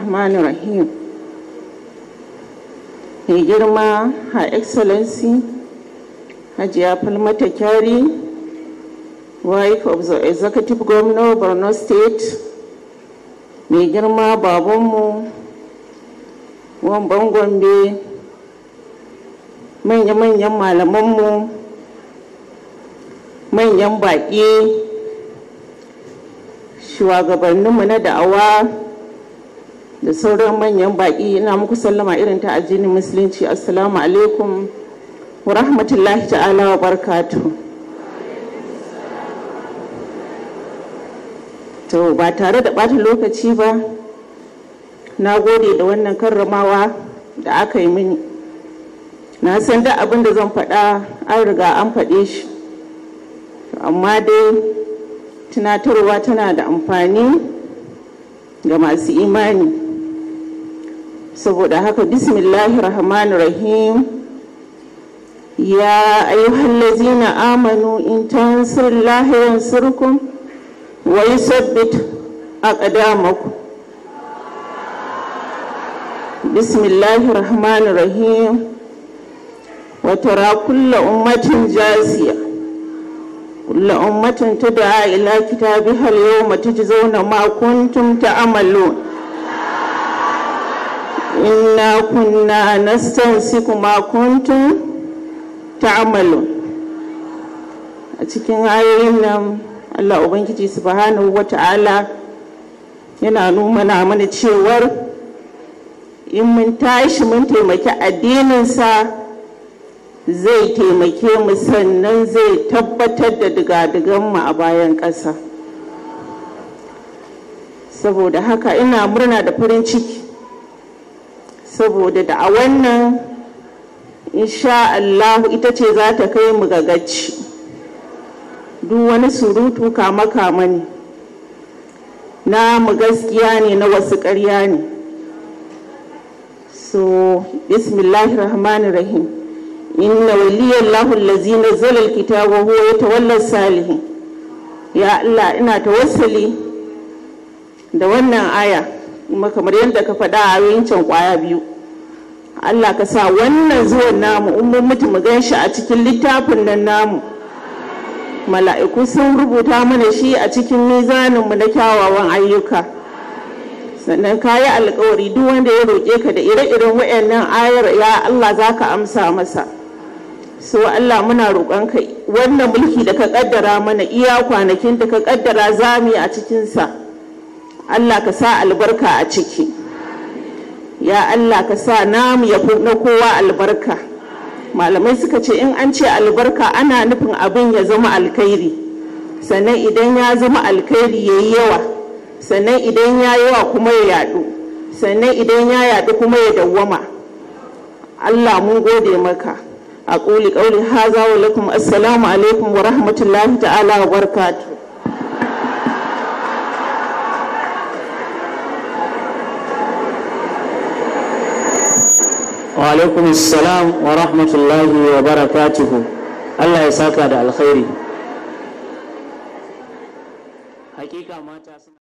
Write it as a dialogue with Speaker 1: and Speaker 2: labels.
Speaker 1: Amani Rahim. Mai girma Her Excellency Hajiya Falmata Kyari, wife of the Executive Governor of Borno State, mai girma babanmu wamban gombe manya-manyan malamanmu manyan baƙi shugabanninmu na da'awa da sauran manyan baƙi ina muku sallama irin ta addinin musulunci assalamu alaikum wa rahmatullahi ta'ala wa barkatu to ba tare da ɓata lokaci ba na gode da wannan karramawa da aka yi mini na san da abin da zan faɗa an riga an faɗe shi amma dai tunatarwa tana da amfani ga masu imani saboda haka bismillahir ya rahim ya ayyuhallazina amanu in tansurullahi yansurkum wa yusabbit aqdamakum bismillahir rahmanir rahim wa tara kullu ummatin jasiya kullu ummatin tud'a ila yau, mata ji tujzauna ma ta ta'malun kunna nastansiku ma kuntum ta'malu a cikin ayoyin nan Allah Ubangiji subhanahu wa ta'ala yana nuna mana cewar in mun tashi mun taimaki addininsa zai taimake mu sannan zai tabbatar da digadigan mu a bayan ƙasa saboda haka ina murna da farin ciki saboda da a wannan insha Allah ita ce za ta kai mu ga duk wani surutu kama kama ne na mu gaskiya ne na wasu ƙarya ne so rahim inna waliyallahu allazi nazzala alkitaba huwa yatawalla salihin ya Allah ina tawassuli da wannan aya kuma kamar yadda ka faɗa a yankin kwaya biyu Allah ka sa wannan zuwan namu in mun mutu mu gan shi a cikin littafin nan namu mala'iku sun rubuta mana shi a cikin mizanin mu na kyawawan ayyuka sannan ka yi alkawari duk wanda ya roƙe ka da ire-iren wayannan ayar ya Allah za ka amsa masa so Allah muna roƙon kai. wannan mulki da ka ƙaddara mana iya kwanakin da ka ƙaddara zami a cikinsa Allah ka sa albarka a ciki. ya Allah ka sa namu ya na kowa albarka malamai suka ce in an ce albarka ana nufin abin ya zama alkhairi sannan idan ya zama alkhairi ya yi yawa sannan idan ya yawa kuma ya yadu sannan idan ya yadu kuma ya dawwama Allah mun gode maka a ƙuli ƙauli haza wa lakum assalamu alaikum wa rahmatullahi ta'ala wa barakatuh wa alaikum wa rahmatullahi wa barakatuhu Allah ya saka da alkhairi hakika mata